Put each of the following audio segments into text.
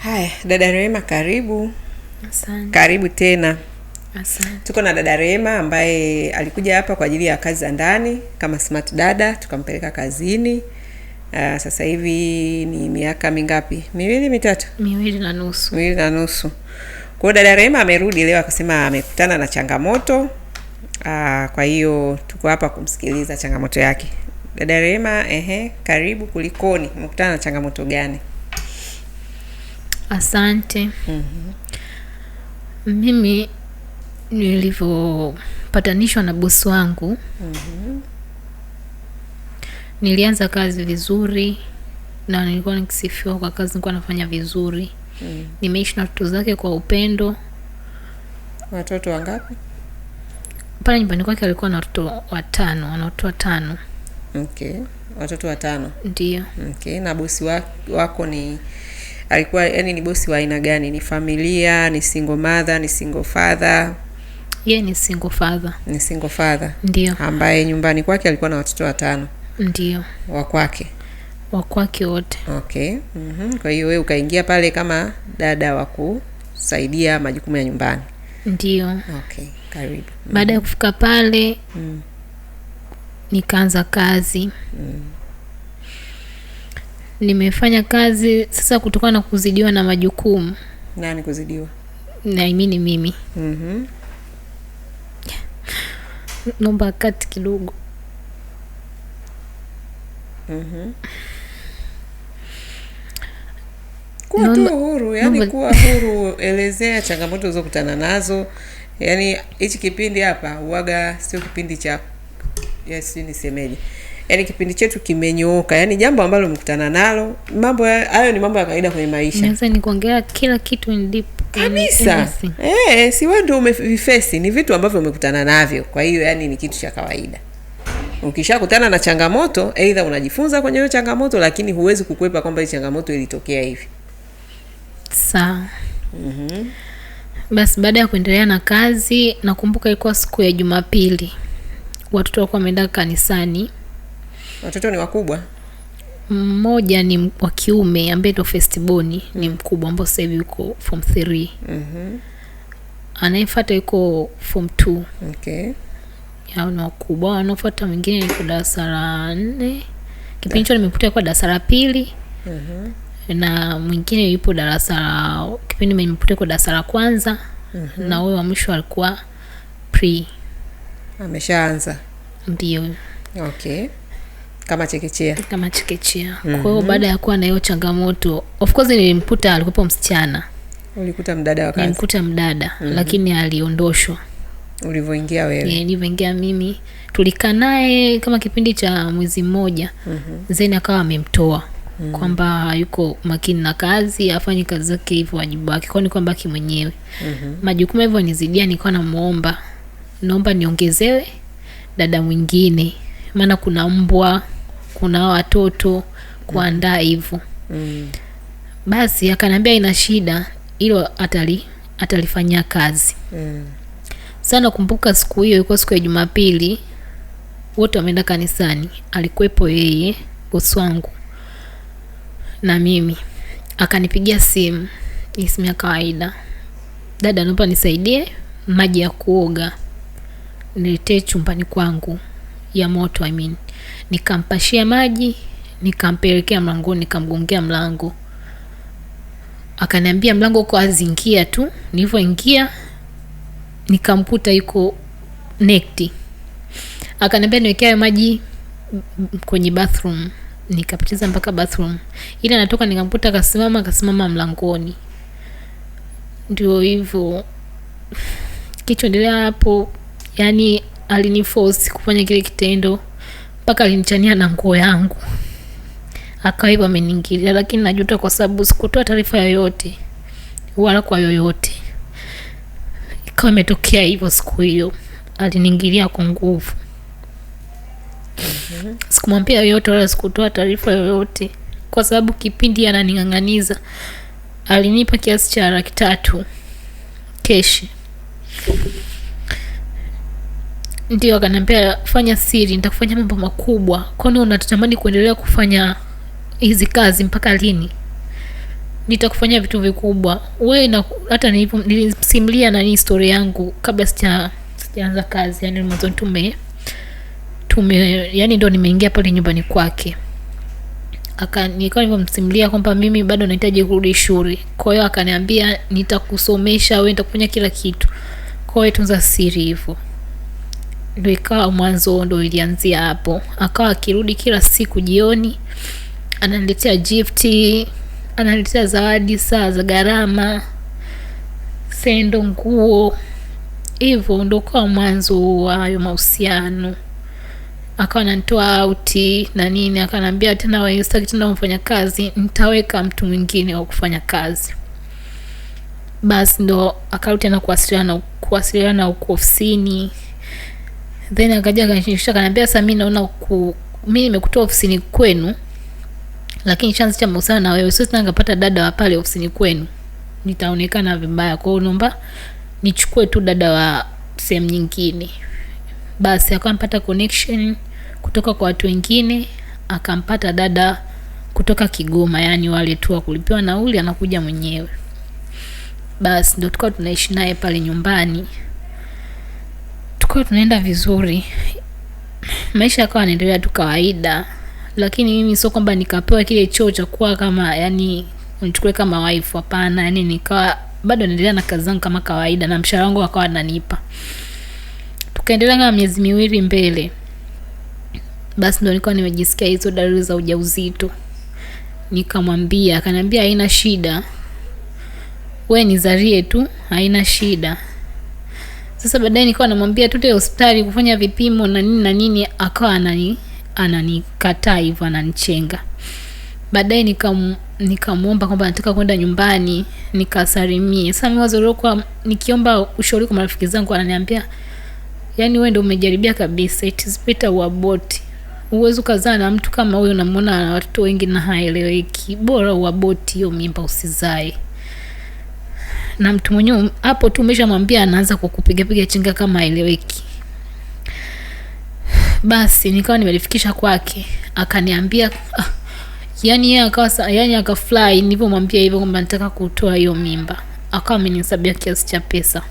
Haya, dada Rehema, karibu. Asante. Karibu tena. Asante. Tuko na dada Rehema ambaye alikuja hapa kwa ajili ya kazi za ndani kama smart dada, tukampeleka kazini. Uh, sasa hivi ni miaka mingapi? Miwili mitatu? Miwili na nusu. Miwili na nusu. Kwa dada Rehema amerudi leo akasema amekutana na changamoto. Uh, kwa hiyo tuko hapa kumsikiliza changamoto yake. Dada Rehema, ehe, karibu. Kulikoni, umekutana na changamoto gani? Asante. mm -hmm. Mimi nilivyopatanishwa na bosi wangu mm -hmm. nilianza kazi vizuri na nilikuwa nikisifiwa kwa kazi nilikuwa nafanya vizuri mm. Nimeishi na watoto zake kwa upendo. Watoto wangapi? Pale nyumbani kwake alikuwa na watoto watano, ana watoto watano. Okay, watoto watano. Ndio. Okay, na bosi wako ni alikuwa yani ni bosi wa aina gani? Ni familia, ni single mother, ni single father? Yeye ni single father. Ni single father. Ndio. Ambaye nyumbani kwake alikuwa na watoto watano. Ndio. Wa kwake. Wa kwake wote. Okay. Mm-hmm. Kwa hiyo wewe ukaingia pale kama dada wa kusaidia majukumu ya nyumbani. Ndio. Okay, karibu. Baada ya mhm. kufika pale mm. nikaanza kazi mm nimefanya kazi sasa kutokana na kuzidiwa na majukumu. Nani kuzidiwa? Na mimi nomba Mhm. Naomba kati kidogo. mm-hmm. Kuwa tu huru, yani kuwa huru, elezea changamoto ulizokutana nazo. Yaani hichi kipindi hapa uwaga sio kipindi cha yes, nisemeje yani kipindi chetu kimenyooka, yani jambo ambalo mkutana nalo. Mambo hayo ni mambo ya kawaida kwenye maisha. Naweza kila kitu deep kabisa. Eh, si wewe ndio umevifesi, ni vitu ambavyo umekutana navyo, kwa hiyo yani ni kitu cha kawaida. Ukishakutana na changamoto, aidha unajifunza kwenye hiyo changamoto, lakini huwezi kukwepa kwamba hii changamoto ilitokea hivi. Sawa. Mm-hmm. Basi baada ya kuendelea na kazi, nakumbuka ilikuwa siku ya Jumapili, watoto walikuwa wameenda kanisani watoto ni wakubwa? Mmoja ni wa kiume ambaye ndo mm. ni mkubwa ambao sasa hivi yuko form 3. hmm Anayefuata yuko form 2. Okay. Hao ni wakubwa. anaofata mwingine yuko darasa la 4. Kipindi hicho nimekuta kwa darasa la pili. mm-hmm. Na mwingine yupo darasa la kipindi nimekuta kwa darasa la kwanza. Mm-hmm. Na huyo wa mwisho alikuwa pre. Ameshaanza. Ndio. Okay kama chekechea kama chekechea mm -hmm. Kwa mhm. hiyo baada ya kuwa na hiyo changamoto, of course nilimkuta, alikuwepo msichana. Ulikuta mdada wa kazi? Nilimkuta mdada mm -hmm. Lakini aliondoshwa ulivyoingia wewe? yeah, Nilivyoingia mimi, tulikaa naye kama kipindi cha mwezi mmoja mm -hmm. Zeni akawa amemtoa Mm. kwamba yuko makini na kazi afanye kazi zake hivyo wajibu wake kwani kwamba ki mwenyewe mm -hmm. majukumu hivyo nizidia, nilikuwa namuomba, naomba niongezewe dada mwingine, maana kuna mbwa kuna watoto kuandaa hivyo mm. Basi akaniambia ina shida, ilo atali atalifanyia kazi mm. Sana kumbuka, siku hiyo ilikuwa siku ya Jumapili, wote wameenda kanisani, alikuwepo yeye goswangu na mimi. Akanipigia simu, ni simu ya kawaida, dada, naomba nisaidie maji ya kuoga niletee chumbani kwangu ya moto I mean. Nikampashia maji nikampelekea mlangoni, nikamgongea mlango, akaniambia mlango uko wazi, ingia tu. Nilivyoingia nikamkuta yuko nekti, akaniambia niwekea maji kwenye bathroom nikapitiza mpaka bathroom, ili anatoka nikamkuta akasimama akasimama mlangoni. Ndio hivyo kichoendelea hapo, yani alinifosi kufanya kile kitendo mpaka alinichania na nguo yangu akawa hivyo ameningilia lakini najuta kwa sababu sikutoa taarifa yoyote wala kwa yoyote. Ikawa imetokea hivyo siku hiyo, aliningilia kwa nguvu. mm -hmm. Sikumwambia yoyote wala sikutoa taarifa yoyote, kwa sababu kipindi ananing'ang'aniza alinipa kiasi cha laki tatu keshi. Ndio, akaniambia fanya siri, nitakufanya mambo makubwa. Kwani unatamani kuendelea kufanya hizi kazi mpaka lini? Nitakufanyia vitu vikubwa wewe. Na hata nilimsimulia nani story yangu kabla sija sijaanza kazi, yani mwanzo tume tume, yani ndo nimeingia pale nyumbani kwake aka nilikuwa nilivyomsimulia kwamba mimi bado nahitaji kurudi shule. Kwa hiyo akaniambia nitakusomesha wewe, nitakufanya kila kitu, kwa hiyo tunza siri hivyo ndio ikawa mwanzo, ndio ilianzia hapo. Akawa akirudi kila siku jioni, ananiletea gift, ananiletea zawadi, saa za gharama, sendo, nguo. Hivyo ndio kwa mwanzo wa hayo mahusiano. Akawa ananitoa auti na nini, akanambia tena wewe tena mfanya kazi, nitaweka mtu mwingine wa kufanya kazi. Basi ndo akarudi tena kuwasiliana kuwasiliana huko ofisini then akaja akanishusha kaniambia, sasa mimi naona ku mimi nimekutoa ofisini kwenu, lakini chanzo cha mahusiano na wewe siwezi nikapata dada wa pale ofisini kwenu, nitaonekana vibaya. Kwa hiyo naomba nichukue tu dada wa sehemu nyingine. Basi akampata connection kutoka kwa watu wengine, akampata dada kutoka Kigoma, yani wale tu wakulipiwa nauli, anakuja mwenyewe. Basi ndo tukawa tunaishi naye pale nyumbani tulikuwa tunaenda vizuri, maisha yakawa yanaendelea tu kawaida, lakini mimi sio kwamba nikapewa kile cheo cha kuwa kama yani nichukue kama wife, hapana. Yani nikawa bado naendelea na kazi zangu kama kawaida, na mshahara wangu akawa ananipa. Tukaendelea kama miezi miwili mbele, basi ndo nikawa nimejisikia hizo dalili za ujauzito. Nikamwambia, akaniambia haina shida, we nizalie tu, haina shida. Sasa baadaye nikawa namwambia tute hospitali kufanya vipimo na nini na nini, akawa anani ananikataa hivyo, ananichenga. Baadaye nikamwomba kwamba nataka kwenda nyumbani nikasalimie. Sasa mimi wazo nikiomba ushauri kwa marafiki zangu, ananiambia yaani, wewe ndo umejaribia kabisa, it uaboti. Uwezi ukazaa na mtu kama huyo, namwona na watoto wengi na haeleweki, bora uaboti hiyo mimba usizae na mtu mwenyewe hapo tu umeshamwambia, anaanza kukupigapiga chinga kama aeleweki. Basi nikawa nimelifikisha kwake, akaniambia ah, yani yeye akawa yani akafurahi nilipomwambia hivyo kwamba nataka kutoa hiyo mimba, akawa amenisabia kiasi cha pesa,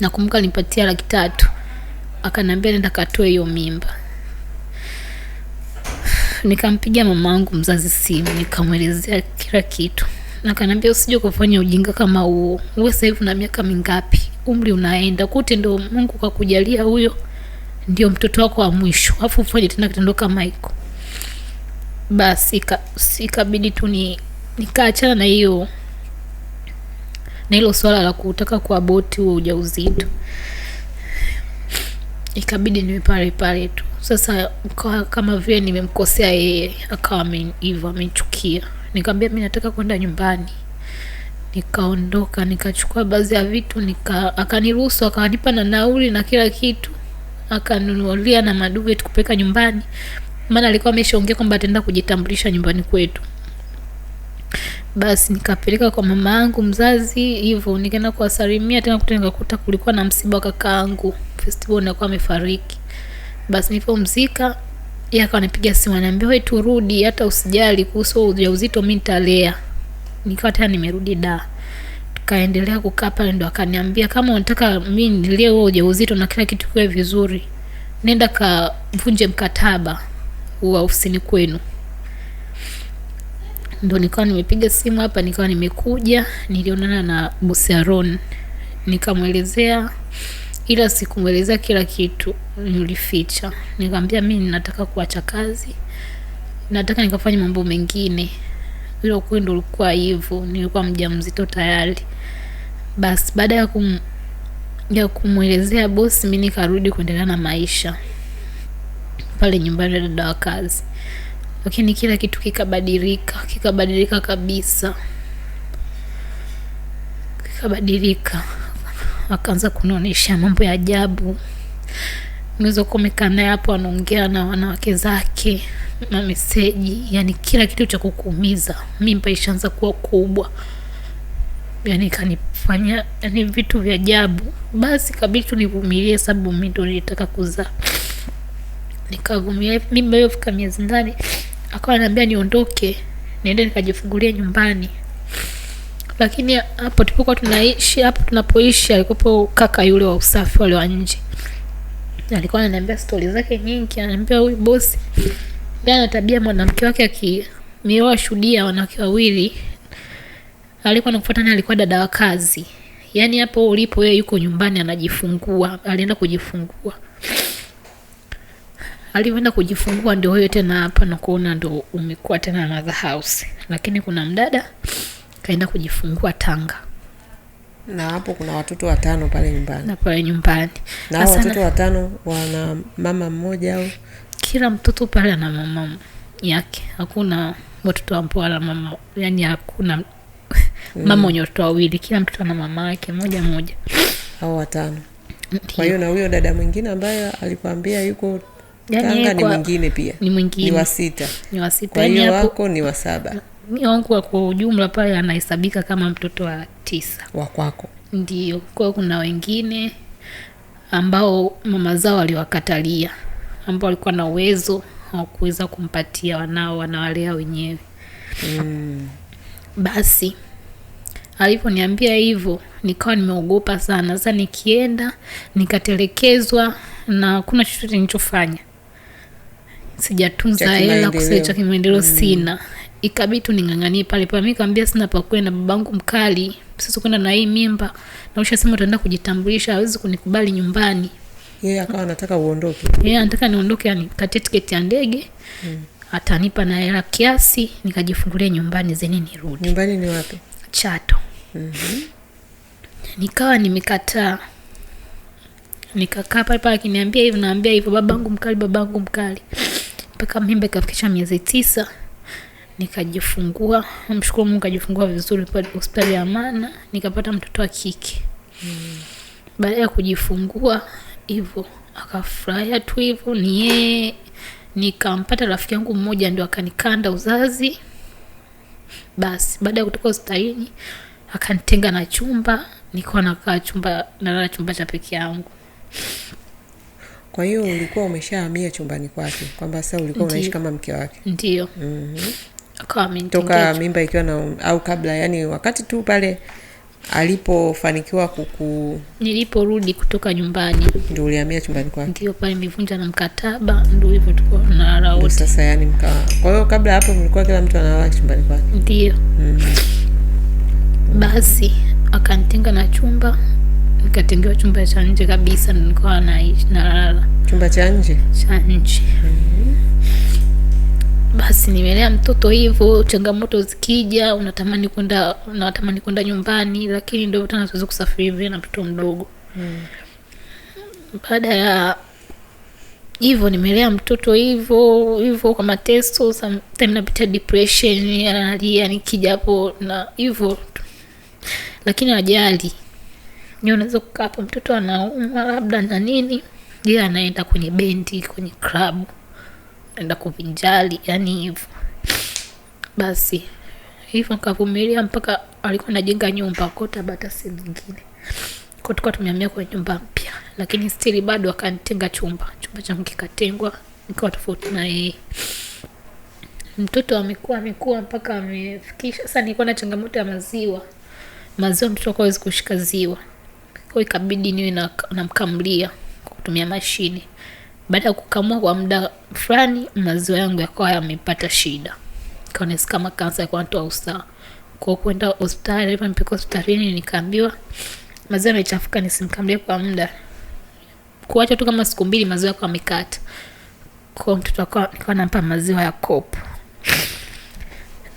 nakumbuka nipatia laki tatu, akaniambia nenda katoe hiyo mimba. nikampiga mama angu mzazi simu, nikamwelezea kila kitu na kaniambia usije kufanya ujinga kama huo. Wewe sasa hivi una miaka mingapi? Umri unaenda kote, ndio Mungu kakujalia huyo ndio mtoto wako wa mwisho, afu ufanye tena kitendo kama hiko. Basi ikabidi tu ni nikaachana na hiyo na hilo swala la kutaka kuaboti huo ujauzito, ikabidi niwe pale pale tu. Sasa kama vile nimemkosea yeye, akawa hivyo amenichukia nikamwambia mimi nataka kwenda nyumbani. Nikaondoka, nikachukua baadhi ya vitu nika, akaniruhusu akanipa na nauli na kila kitu, akanunulia na maduvu yetu kupeleka nyumbani, maana alikuwa ameshaongea kwamba ataenda kujitambulisha nyumbani kwetu. Basi nikapeleka kwa mama yangu mzazi, hivyo nikaenda kuwasalimia tena, kuta nikakuta kulikuwa na msiba wa kakaangu Festival, nakuwa amefariki. Basi nilipomzika yeye akawa anapiga simu ananiambia, wewe turudi, hata usijali kuhusu ujauzito, mimi nitalea. Nikawa tena nimerudi da, tukaendelea kukaa pale, ndo akaniambia kama unataka mimi nilie wewe ujauzito na kila kitu kiwe vizuri, nenda kavunje mkataba wa ofisini kwenu. Ndo nikawa nimepiga simu hapa, nikawa nimekuja, nilionana na bosi nikamwelezea ila sikumwelezea kila kitu, nilificha. Nikamwambia mimi ninataka kuacha kazi, nataka nikafanya mambo mengine. Ilo kweli ndo ulikuwa hivyo, nilikuwa mjamzito tayari. Basi baada ya kum ya kumwelezea bosi, mimi nikarudi kuendelea na maisha pale nyumbani na dada wa kazi, lakini kila kitu kikabadilika, kikabadilika kabisa, kikabadilika akaanza kunionyesha mambo ya ajabu. Unaweza kuwa hapo anaongea na wanawake zake na meseji, yani kila kitu cha kukuumiza. Mimba ishaanza kuwa kubwa, yani kanifanya yani vitu vya ajabu. Basi kabidi tu nivumilie, sababu mimi ndo nilitaka kuzaa. Nikavumilia mimba hiyo, fika miezi ndani akawa ananiambia niondoke niende nikajifungulia nyumbani lakini hapo tulipokuwa tunaishi hapo tunapoishi alikuwepo kaka yule wa usafi wale wa nje alikuwa ananiambia stori zake nyingi ananiambia huyu bosi ndiye ana tabia mwanamke wake akimioa shuhudia wanawake wawili alikuwa naye alikuwa dada wa kazi yaani hapo ulipo yeye yuko nyumbani anajifungua alienda kujifungua alivyoenda kujifungua ndio huyo tena hapa nakuona ndo umekuwa tena another house lakini kuna mdada tukaenda kujifungua Tanga na hapo kuna watoto watano pale nyumbani na pale nyumbani na Asana, watoto watano wana mama mmoja au kila mtoto pale ana mama yake, hakuna watoto ambao ana mama, yani hakuna mm. mama wenye watoto wawili, kila mtoto ana mama yake moja moja, au watano. Kwa hiyo na huyo dada mwingine ambaye alikwambia yuko yani Tanga ni mwingine pia, ni mwingine, ni wa sita, ni wa sita. Kwa hiyo yani wako ni wa saba wangu kwa ujumla pale anahesabika kama mtoto wa tisa wakwako Ndio, kwao kuna wengine ambao mama zao waliwakatalia, ambao walikuwa na uwezo wa kuweza kumpatia wanao, wanawalea wenyewe mm. Basi alivyoniambia hivyo nikawa nimeogopa sana. Sasa nikienda nikatelekezwa na kuna chochote nilichofanya, sijatunza hela kusaidia cha kimaendeleo mm. sina ikabidi tu ning'ang'anie pale pale. Mimi nikamwambia sina pa kwenda, babangu mkali, sisi kwenda na hii mimba na ushasema utaenda kujitambulisha, hawezi kunikubali nyumbani. Yeye yeah, akawa anataka uondoke. Yeye yeah, anataka niondoke, yani katia tiketi ya ndege mm. atanipa na hela kiasi nikajifungulia nyumbani zeni nirudi. Nyumbani ni wapi? Chato. mm -hmm. Nikawa nimekataa nikakaa pale pale, akiniambia hivyo naambia hivyo, babangu mkali, babangu mkali, mpaka mimba ikafikisha miezi tisa nikajifungua, mshukuru Mungu, kajifungua vizuri hospitali ya mana nikapata mtoto wa kike mm. Baada ya kujifungua hivyo akafurahia tu hivyo, ni yeye nikampata rafiki yangu mmoja ndio akanikanda uzazi. Basi baada ya kutoka hospitalini akanitenga na chumba, nikawa nakaa chumba, nalala chumba cha peke yangu. Kwa hiyo ulikuwa umeshahamia chumbani kwake, kwamba sasa ulikuwa unaishi kama mke wake? Ndio. mm -hmm toka mimba ikiwa na um, au kabla, yani wakati tu pale alipofanikiwa kuku, niliporudi kutoka nyumbani, ndio uliamia chumbani kwake, ndio pale nilivunja na mkataba, ndio hivyo tuko na wote sasa, yani mkawa. Kwa hiyo kabla hapo mlikuwa kila mtu analala chumbani kwake, ndio mm. Basi akanitenga na chumba, nikatengewa chumba cha nje kabisa, nikawa naishi nalala chumba cha nje cha nje mm -hmm basi nimelea mtoto hivyo, changamoto zikija unatamani kwenda unatamani kwenda nyumbani, lakini ndio tena tuweze kusafiri vile na mtoto mdogo mm. Baada ya hivyo nimelea mtoto hivyo hivyo kwa mateso, sometimes napitia depression, analia nikija hapo na hivyo, lakini ajali ni unaweza kukaa hapo, mtoto anauma labda na nini, yeye anaenda kwenye bendi, kwenye klabu enda kuvinjali yani hivyo. Basi hivyo nikavumilia mpaka alikuwa najenga nyumba kotabata sehemu nyingine, kwa tulikuwa tumeamia kwenye nyumba mpya, lakini stili bado akantenga chumba, chumba changu kikatengwa, nikiwa tofauti na yeye. Mtoto amekuwa amekuwa mpaka amefikisha sasa. Nilikuwa na changamoto ya maziwa, maziwa mtoto awezi kushika ziwa, kwao ikabidi niwe namkamlia kwa kutumia mashine. Baada ya kukamua kwa muda fulani, maziwa yangu yakawa yamepata shida, kaonesi kama kansa yakuwa natoa usaha kwa kwenda hospitali. Hivyo nipika hospitalini, nikaambiwa maziwa yamechafuka, nisimkamlie kwa muda, kuacha tu kama siku mbili, maziwa yako yamekata. Kwa mtoto wako nikawa nampa maziwa ya kopo.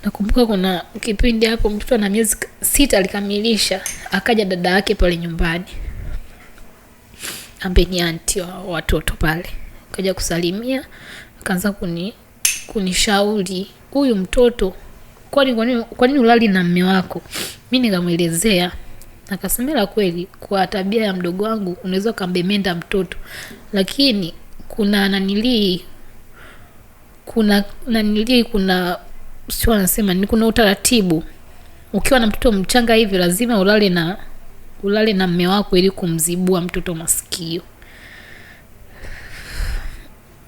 Nakumbuka kuna kipindi hapo mtoto ana miezi sita alikamilisha, akaja dada yake pale nyumbani, ambeni anti wa watoto pale kaja kusalimia, akaanza kuni kunishauri huyu mtoto, kwani kwa nini kwa nini ulali na mme wako? Mimi nikamwelezea, akasema la kweli, kwa tabia ya mdogo wangu unaweza ukambemenda mtoto, lakini kuna nanilii kuna nanilii kuna sio anasema ni kuna utaratibu, ukiwa na mtoto mchanga hivi lazima ulale na ulale na mme wako ili kumzibua mtoto masikio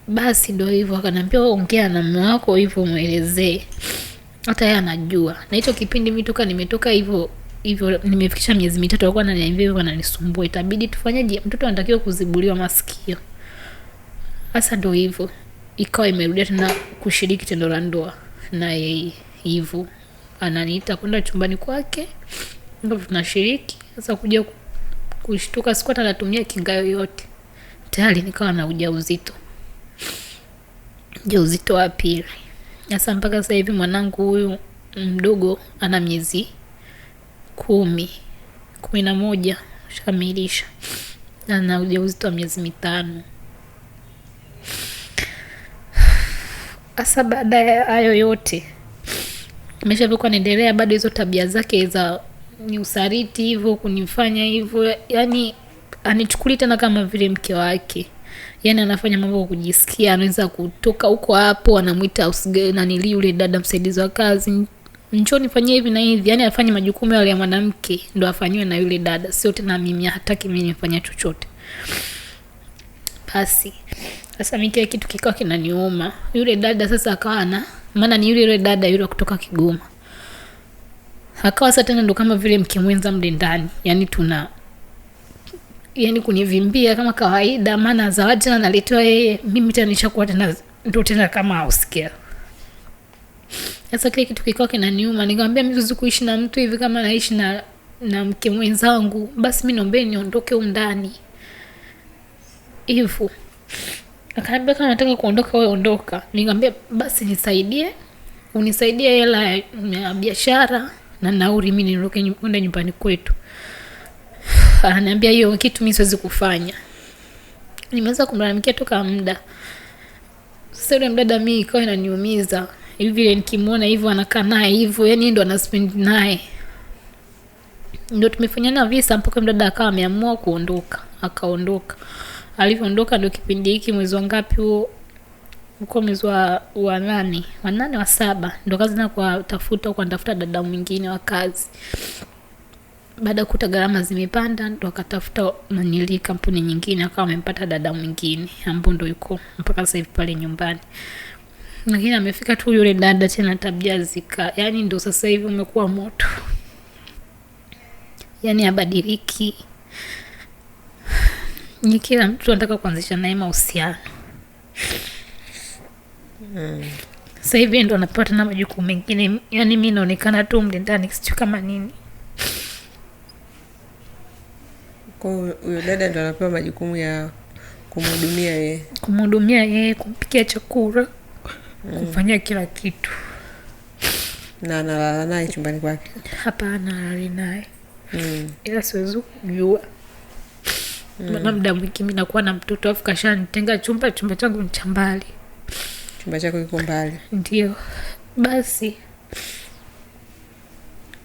basi ndo hivyo, akaniambia ongea na mume wako hivyo, mwelezee hata yeye anajua. Na hicho kipindi mimi toka nimetoka hivyo hivyo, nimefikisha miezi mitatu, alikuwa ananiambia hivyo, ananisumbua, itabidi tufanyeje, mtoto anatakiwa kuzibuliwa masikio. hasa ndo hivyo, ikawa imerudia tena kushiriki tendo la ndoa na yeye hivyo, ananiita kwenda chumbani kwake, ndo tunashiriki sasa. Kuja kushtuka, siku hata natumia kinga yoyote, tayari nikawa na ujauzito ujauzito wa pili. Sasa mpaka sasa hivi mwanangu huyu mdogo ana miezi kumi kumi na moja shamilisha, ana ujauzito wa miezi mitano. hasa baada ya hayo yote imeshavyokuwa naendelea, bado hizo tabia zake za ni usariti hivyo kunifanya hivyo, yani anichukuli tena kama vile mke wake yani anafanya mambo kwa kujisikia, anaweza kutoka huko hapo, anamwita nanili yule dada msaidizi wa kazi, njoni fanyia hivi na hivi, yani afanye majukumu yale ya mwanamke ndo afanyiwe na yule dada, sio tena mimi. Hataki mimi nifanya chochote. Basi sasa mimi kile kitu kikawa kinaniuma. Yule dada sasa akawa na maana ni yule yule dada yule kutoka Kigoma akawa sasa tena ndo kama vile mkimwenza mwenza mle ndani, yani tuna yani kunivimbia kama kawaida, maana zawadi tena naletewa yeye, mimi tena nishakuwa tena ndo tena kama hausikia. Sasa kile kitu kikawa kinaniuma, nikawambia mizuzi kuishi na mtu hivi kama naishi na na mke mwenzangu, basi mi naombeni niondoke undani ndani Akaambia kama nataka kuondoka wewe ondoka. basi nisaidie, unisaidie hela ya biashara na nauri, mi niondoke kwenda nyumbani kwetu ghafla ananiambia hiyo kitu mimi siwezi kufanya. Nimeanza kumlalamikia toka muda. Sasa yule mdada mimi ikawa inaniumiza hivi vile, nikimwona hivyo anakaa naye hivyo, yani ndo anaspend naye, ndo tumefanyana visa mpaka mdada akawa ameamua kuondoka, akaondoka. Alivyoondoka ndo kipindi hiki, mwezi wa ngapi huo uko mwezi wa nane wa nane wa saba ndo kazi na kuwatafuta kuantafuta dada mwingine wa kazi baada ya kuta gharama zimepanda, ndo akatafuta nanili kampuni nyingine, akawa amempata dada mwingine ambao ndo yuko mpaka sasa hivi pale nyumbani. Lakini amefika tu yule dada tena, tabia zika, yani ndo sasa hivi umekuwa moto, yani abadiliki. Ni kila mtu anataka kuanzisha naye mahusiano mm. Sasa hivi ndo anapata na majukumu mengine, yani mi naonekana tu mlindani, sijui kama nini Kwa huyo dada ndo anapewa majukumu ya kumhudumia yeye, kumhudumia yeye, kumpikia chakula, mm. kumfanyia kila kitu. Na analala naye chumbani kwake? Hapana, alali naye mm. ila siwezi kujua mm. maana muda mwingi mi nakuwa na mtoto afu kashanitenga chumba. Chumba changu ni cha mbali. Chumba chako kiko mbali? Ndio. Basi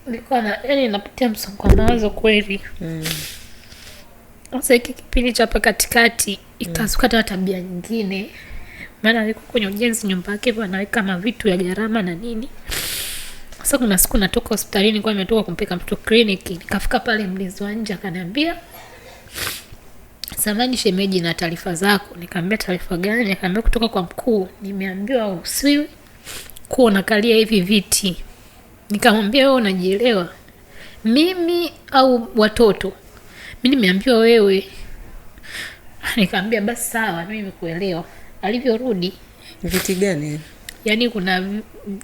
nilikuwa na, yani napitia msongo wa mawazo kweli mm. Sasa hiki kipindi cha hapa katikati mm. ikasuka hata tabia nyingine, maana alikuwa kwenye ujenzi, nyumba yake anaweka mavitu ya gharama na nini. Sasa kuna siku natoka hospitalini kwa nimetoka kumpeka mtoto kliniki, nikafika pale mlinzi wa nje akaniambia, samani shemeji, na taarifa zako. Nikamwambia taarifa gani? Akaambia kutoka kwa mkuu, nimeambiwa usiwi kuwa unakalia hivi viti. Nikamwambia wewe unajielewa, mimi au watoto mi nimeambiwa wewe. Nikaambia basi sawa, mi nimekuelewa. Alivyorudi viti gani? Yaani kuna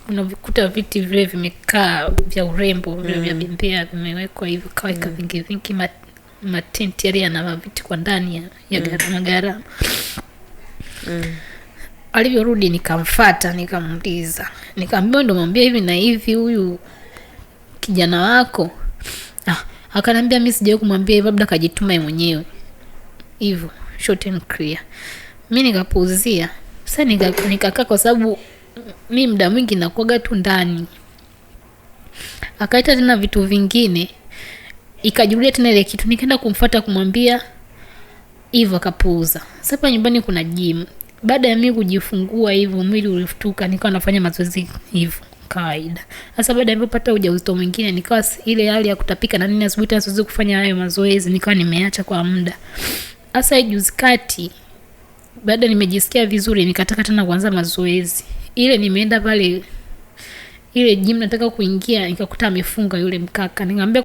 unavikuta viti vile vimekaa vya urembo vile mm. vya bembea vimewekwa hivyo kaweka mm. vingi vingi mat, matenti yale yana viti kwa ndani ya, ya mm. gharama mm. Alivyorudi nikamfata nikamuliza nikaambia ndo mwambia hivi na hivi, huyu kijana wako ah, akanambia mimi sijawai kumwambia hivyo, labda kajituma yeye mwenyewe. Hivyo short and clear. Mimi nikapuuzia. Sasa nikakaa nika kwa sababu mi muda mwingi nakuaga tu ndani. Akaita tena vitu vingine. ikajurudia tena ile kitu, nikaenda kumfuata kumwambia hivyo, akapuuza. Sasa nyumbani kuna jimu Baada ya mimi kujifungua hivyo, mwili ulifutuka nikawa nafanya mazoezi hivyo kawaida. Sasa baada ya kupata ujauzito mwingine, nikawa ile hali ya kutapika na nini asubuhi, tena siwezi kufanya hayo mazoezi, nikawa nimeacha kwa muda. Sasa juzi kati, baada nimejisikia vizuri, nikataka tena kuanza mazoezi. Ile nimeenda pale ile gym nataka kuingia, nikakuta amefunga yule mkaka, nikamwambia